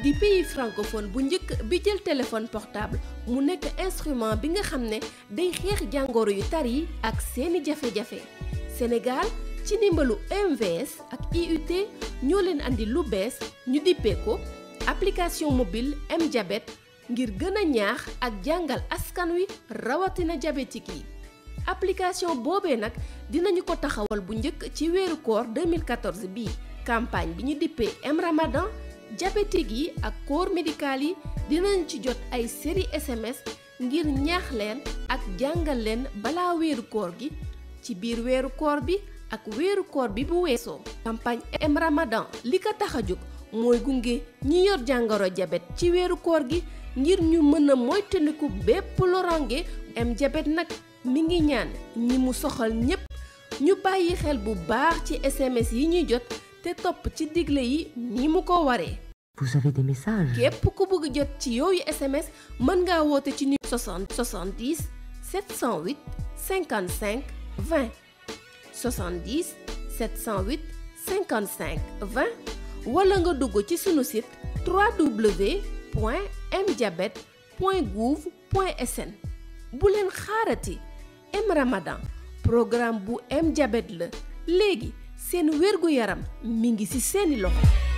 di pays francophone bu njëkk bi jël téléphone portable mu nekk instrument bi nga xam ne day xeex jàngoro yu tar yi ak seeni jafe-jafe Sénégal ci ndimbalu MVS ak IUT ñoo leen andi lu bees ñu dippee ko application mobile mJabet ngir gën a ñaax ak jàngal askan wi rawatina diabétique yi application boobee nag dinañu ko taxawal bu njëkk ci weeru koor 2014 bii campagne bi ñu dippee M Ramadan diabétique yi ak koor médical yi dinañ ci jot ay série SMS ngir ñaax leen ak jàngal leen balaa weeru koor gi ci biir weeru koor bi ak weeru koor bi bu weesoo. campagne M Ramadan li ko tax a jóg mooy gunge ñi yor jàngoro jabet ci weeru koor gi ngir ñu mën a moytandiku bépp lorange M diabète nag mi ngi ñaan ñi mu soxal ñépp ñu bàyyi xel bu baax ci SMS yi ñuy jot te topp ci digle yi ni mu ko waree. vous avez képp ku bëgg jot ci yooyu SMS mën nga woote ci numéro 60 70 708 55 20 70 708 55 wala nga dugg ci sunu site www.mdiabet.gouv.sn bu leen xaarati M Ramadan programme bu M Diabète la léegi seen wérgu yaram mi ngi ci seeni loxo.